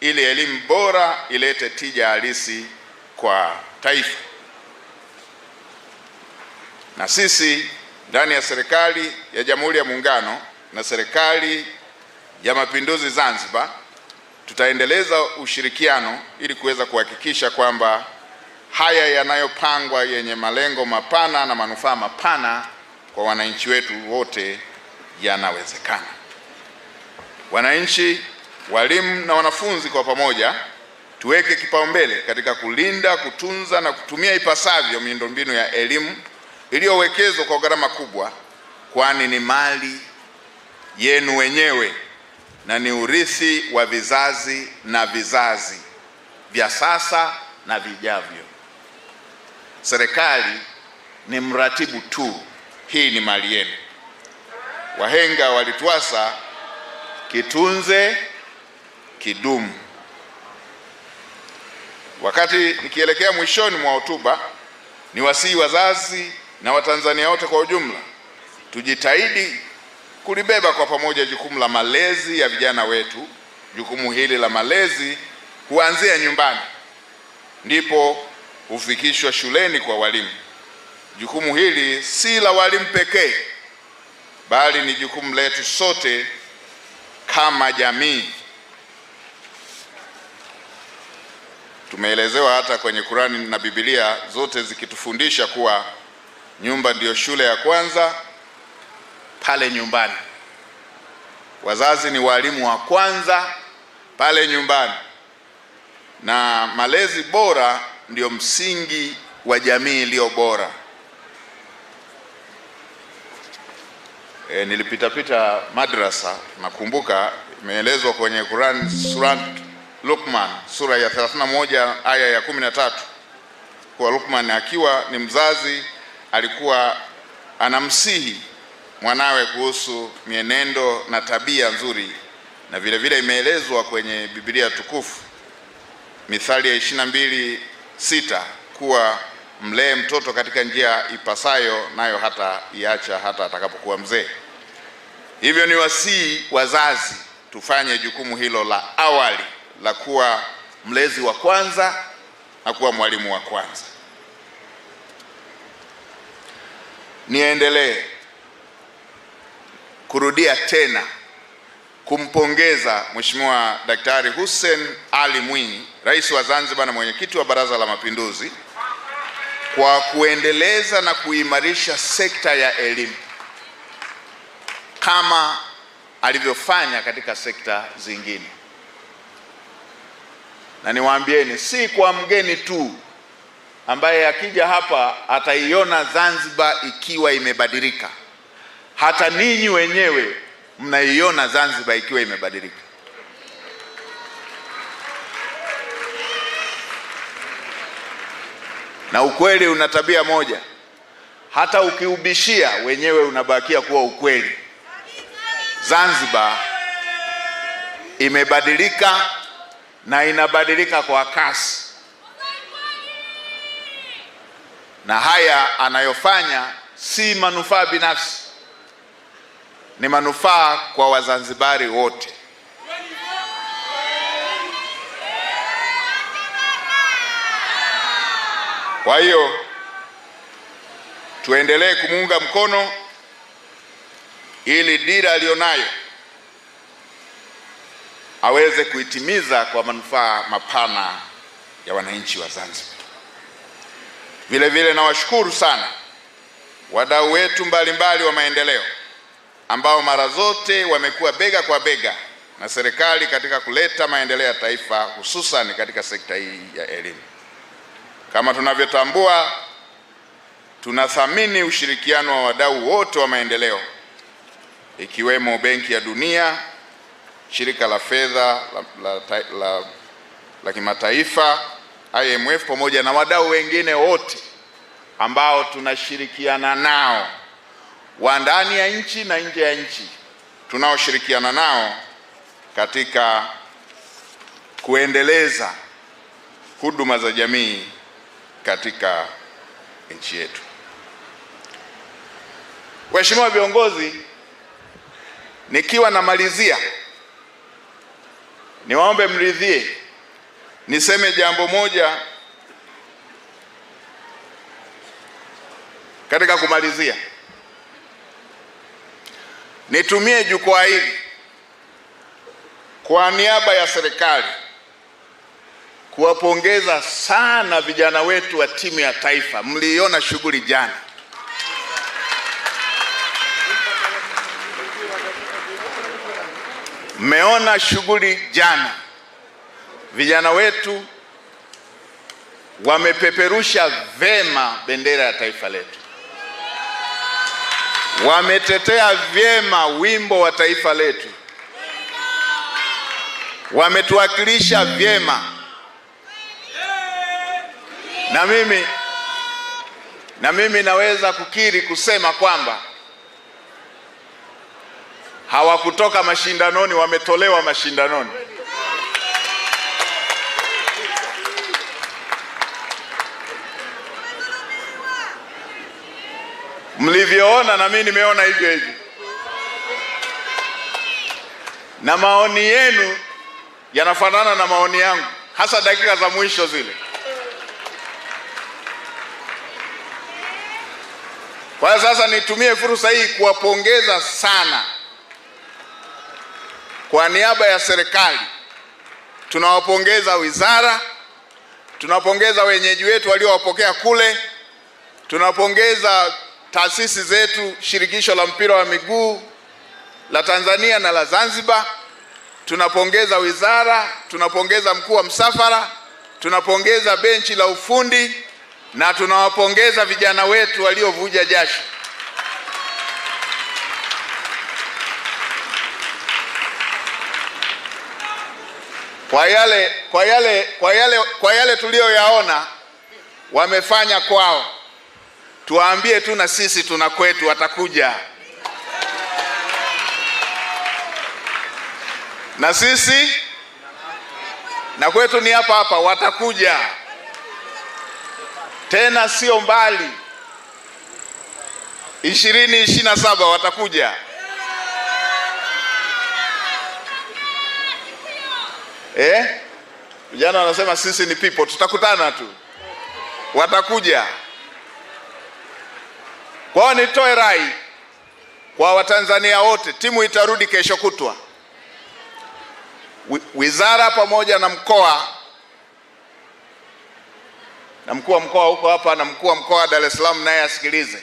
ili elimu bora ilete tija halisi kwa taifa. Na sisi ndani ya serikali ya Jamhuri ya Muungano na serikali ya Mapinduzi Zanzibar tutaendeleza ushirikiano ili kuweza kuhakikisha kwamba haya yanayopangwa yenye malengo mapana na manufaa mapana kwa wananchi wetu wote yanawezekana. Wananchi Walimu na wanafunzi kwa pamoja tuweke kipaumbele katika kulinda, kutunza na kutumia ipasavyo miundombinu ya elimu iliyowekezwa kwa gharama kubwa, kwani ni mali yenu wenyewe na ni urithi wa vizazi na vizazi vya sasa na vijavyo. Serikali ni mratibu tu, hii ni mali yenu. Wahenga walituasa kitunze kidumu. Wakati nikielekea mwishoni mwa hotuba, ni wasii wazazi na Watanzania wote kwa ujumla tujitahidi kulibeba kwa pamoja jukumu la malezi ya vijana wetu. Jukumu hili la malezi huanzia nyumbani, ndipo hufikishwa shuleni kwa walimu. Jukumu hili si la walimu pekee, bali ni jukumu letu sote kama jamii. Tumeelezewa hata kwenye Kurani na Biblia zote zikitufundisha kuwa nyumba ndiyo shule ya kwanza pale nyumbani. Wazazi ni walimu wa kwanza pale nyumbani, na malezi bora ndiyo msingi wa jamii iliyo bora. E, nilipitapita madrasa nakumbuka imeelezwa kwenye Qur'an sura Luqman sura ya 31 aya ya 13 kwa Luqman akiwa ni mzazi alikuwa anamsihi mwanawe kuhusu mienendo na tabia nzuri, na vile vile imeelezwa kwenye Biblia tukufu Mithali ya 22 sita kuwa mlee mtoto katika njia ipasayo, nayo hata iacha hata atakapokuwa mzee. Hivyo ni wasii wazazi tufanye jukumu hilo la awali la kuwa mlezi wa kwanza na kuwa mwalimu wa kwanza. Niendelee kurudia tena kumpongeza Mheshimiwa Daktari Hussein Ali Mwinyi, Rais wa Zanzibar na mwenyekiti wa Baraza la Mapinduzi kwa kuendeleza na kuimarisha sekta ya elimu kama alivyofanya katika sekta zingine na niwaambieni, si kwa mgeni tu ambaye akija hapa ataiona Zanzibar ikiwa imebadilika, hata ninyi wenyewe mnaiona Zanzibar ikiwa imebadilika. Na ukweli una tabia moja, hata ukiubishia wenyewe unabakia kuwa ukweli. Zanzibar imebadilika na inabadilika kwa kasi, na haya anayofanya si manufaa binafsi, ni manufaa kwa Wazanzibari wote. Kwa hiyo tuendelee kumuunga mkono ili dira aliyonayo aweze kuitimiza kwa manufaa mapana ya wananchi wa Zanzibar. Vile vile nawashukuru sana wadau wetu mbalimbali wa maendeleo ambao mara zote wamekuwa bega kwa bega na serikali katika kuleta maendeleo ya taifa hususan katika sekta hii ya elimu. Kama tunavyotambua, tunathamini ushirikiano wa wadau wote wa maendeleo ikiwemo Benki ya Dunia shirika la fedha la, la, la, la, la kimataifa IMF pamoja na wadau wengine wote ambao tunashirikiana nao wa ndani ya nchi na nje ya nchi tunaoshirikiana nao katika kuendeleza huduma za jamii katika nchi yetu. Waheshimiwa viongozi, nikiwa namalizia Niwaombe mridhie niseme jambo moja katika kumalizia. Nitumie jukwaa hili kwa niaba ya serikali kuwapongeza sana vijana wetu wa timu ya taifa. Mliiona shughuli jana. Mmeona shughuli jana, vijana wetu wamepeperusha vyema bendera ya taifa letu, wametetea vyema wimbo wa taifa letu, wametuwakilisha vyema. Na mimi na mimi naweza kukiri kusema kwamba hawakutoka mashindanoni, wametolewa mashindanoni. Mlivyoona na mimi nimeona hivyo hivyo, na maoni yenu yanafanana na maoni yangu, hasa dakika za mwisho zile. Kwa sasa nitumie fursa hii kuwapongeza sana kwa niaba ya serikali tunawapongeza wizara, tunawapongeza wenyeji wetu waliowapokea kule, tunawapongeza taasisi zetu, shirikisho la mpira wa miguu la Tanzania na la Zanzibar, tunapongeza wizara, tunapongeza mkuu wa msafara, tunapongeza benchi la ufundi na tunawapongeza vijana wetu waliovuja jasho. kwa yale, kwa yale, kwa yale, kwa yale tuliyoyaona wamefanya kwao, tuwaambie tu na sisi tuna kwetu, watakuja na sisi na kwetu ni hapa hapa, watakuja tena, sio mbali, ishirini ishirini na saba watakuja. eh? Vijana wanasema sisi ni people, tutakutana tu, watakuja. Kwao nitoe rai kwa Watanzania wote, timu itarudi kesho kutwa. Wizara pamoja na mkoa na mkuu wa mkoa huko hapa na mkuu wa mkoa wa Dar es Salaam naye asikilize,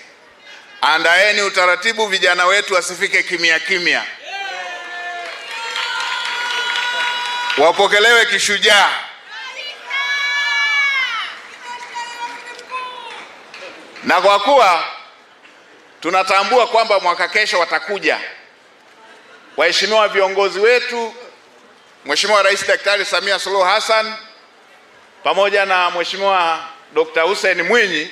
andaeni utaratibu, vijana wetu wasifike kimya kimya. wapokelewe kishujaa. Na kwa kuwa tunatambua kwamba mwaka kesho watakuja waheshimiwa viongozi wetu, Mheshimiwa Rais Daktari Samia Suluhu Hassan pamoja na Mheshimiwa Dr. Hussein Mwinyi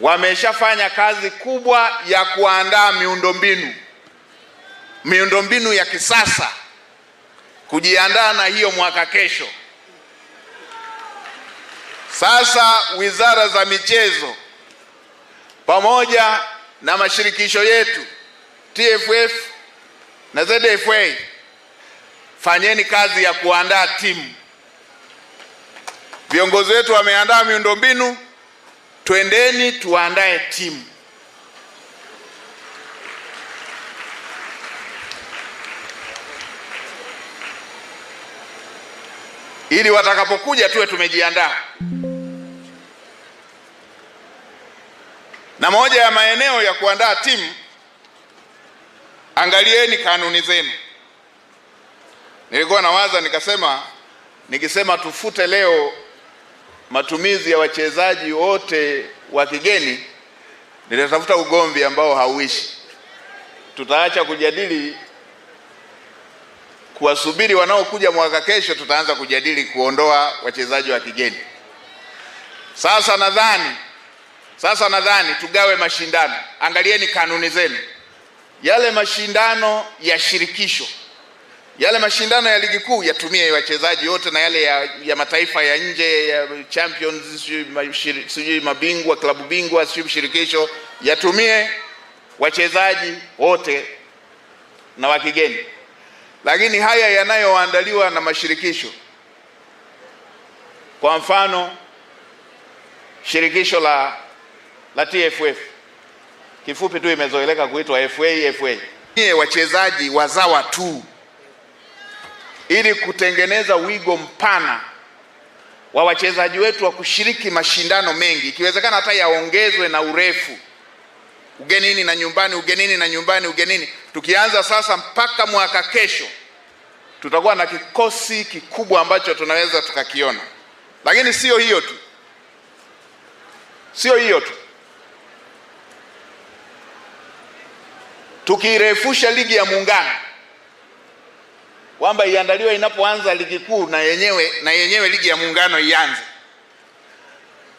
wameshafanya kazi kubwa ya kuandaa miundombinu miundombinu ya kisasa kujiandaa na hiyo mwaka kesho. Sasa wizara za michezo pamoja na mashirikisho yetu TFF na ZFA, fanyeni kazi ya kuandaa timu. Viongozi wetu wameandaa miundombinu, twendeni tuandae timu. ili watakapokuja tuwe tumejiandaa. Na moja ya maeneo ya kuandaa timu, angalieni kanuni zenu. Nilikuwa nawaza nikasema, nikisema tufute leo matumizi ya wachezaji wote wa kigeni, nitatafuta ugomvi ambao hauishi. Tutaacha kujadili kuwasubiri wanaokuja mwaka kesho, tutaanza kujadili kuondoa wachezaji wa kigeni. Sasa nadhani sasa nadhani tugawe mashindano. Angalieni kanuni zenu, yale mashindano ya shirikisho, yale mashindano ya ligi kuu yatumie wachezaji wote, na yale ya, ya mataifa ya nje ya Champions, sijui mabingwa, klabu bingwa, sijui shirikisho, yatumie wachezaji wote na wa kigeni lakini haya yanayoandaliwa na mashirikisho, kwa mfano shirikisho la, la TFF kifupi tu imezoeleka kuitwa FA FA, nie wachezaji wazawa tu, ili kutengeneza wigo mpana wa wachezaji wetu wa kushiriki mashindano mengi, ikiwezekana hata yaongezwe na urefu, ugenini na nyumbani, ugenini na nyumbani, ugenini Tukianza sasa mpaka mwaka kesho, tutakuwa na kikosi kikubwa ambacho tunaweza tukakiona. Lakini sio hiyo tu, sio hiyo tu, tukiirefusha ligi ya Muungano kwamba iandaliwe inapoanza ligi kuu na yenyewe, na yenyewe ligi ya Muungano ianze,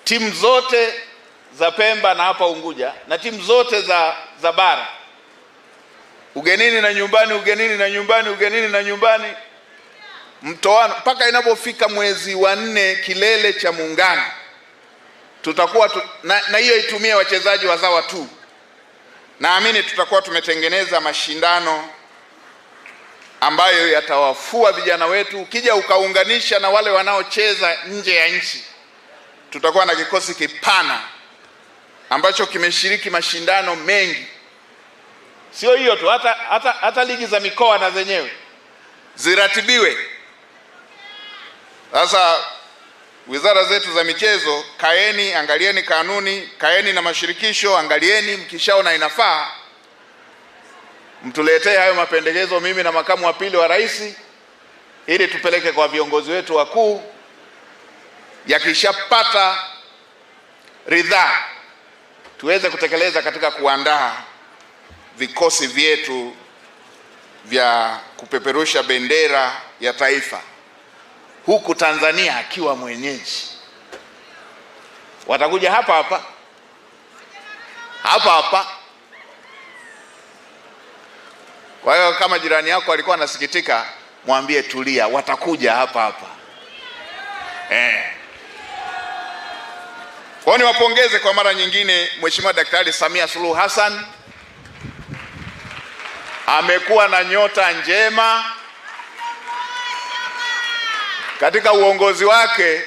timu zote za Pemba na hapa Unguja na timu zote za, za bara ugenini na nyumbani, ugenini na nyumbani, ugenini na nyumbani, mtoano, mpaka inapofika mwezi wa nne, kilele cha muungano tutakuwa tu, na hiyo itumie wachezaji wazawa tu. Naamini tutakuwa tumetengeneza mashindano ambayo yatawafua vijana wetu. Ukija ukaunganisha na wale wanaocheza nje ya nchi, tutakuwa na kikosi kipana ambacho kimeshiriki mashindano mengi. Sio hiyo tu, hata, hata, hata ligi za mikoa na zenyewe ziratibiwe. Sasa wizara zetu za michezo, kaeni, angalieni kanuni, kaeni na mashirikisho, angalieni, mkishaona inafaa mtuletee hayo mapendekezo, mimi na makamu wa pili wa rais, ili tupeleke kwa viongozi wetu wakuu. Yakishapata ridhaa, tuweze kutekeleza katika kuandaa vikosi vyetu vya kupeperusha bendera ya taifa huku Tanzania akiwa mwenyeji. Watakuja hapa hapa hapa hapa. Kwa hiyo kama jirani yako alikuwa anasikitika, mwambie tulia, watakuja hapa hapa eh. Kwa hiyo niwapongeze kwa mara nyingine Mheshimiwa Daktari Samia Suluhu Hassan amekuwa na nyota njema katika uongozi wake.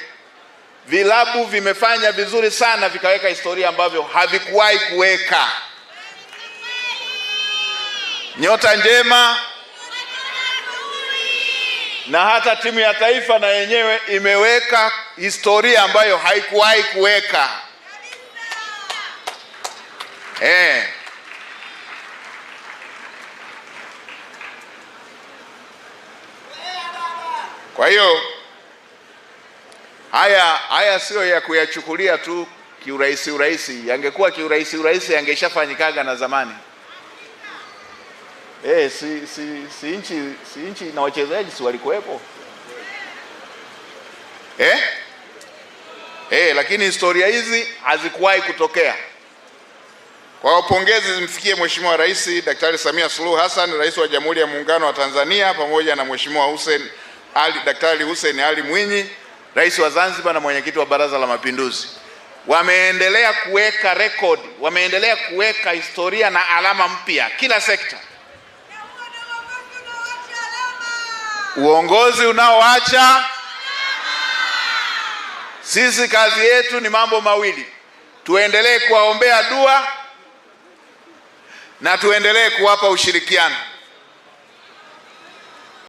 Vilabu vimefanya vizuri sana, vikaweka historia ambavyo havikuwahi kuweka. Nyota njema, na hata timu ya taifa na yenyewe imeweka historia ambayo haikuwahi kuweka eh. Kwa hiyo haya haya siyo ya kuyachukulia tu kiurahisi urahisi. Yangekuwa kiurahisi urahisi yangeshafanyikaga na zamani. E, si, si, si nchi si nchi na wachezaji si walikuwepo eh? Eh, lakini historia hizi hazikuwahi kutokea. Kwa pongezi zimfikie Mheshimiwa Rais Daktari Samia Suluhu Hassan, Rais wa Jamhuri ya Muungano wa Tanzania pamoja na Mheshimiwa Hussein ali, Daktari Hussein Ali Mwinyi, rais wa Zanzibar na mwenyekiti wa Baraza la Mapinduzi, wameendelea kuweka rekodi, wameendelea kuweka historia na alama mpya kila sekta. Uongozi unaoacha sisi kazi yetu ni mambo mawili, tuendelee kuwaombea dua na tuendelee kuwapa ushirikiano.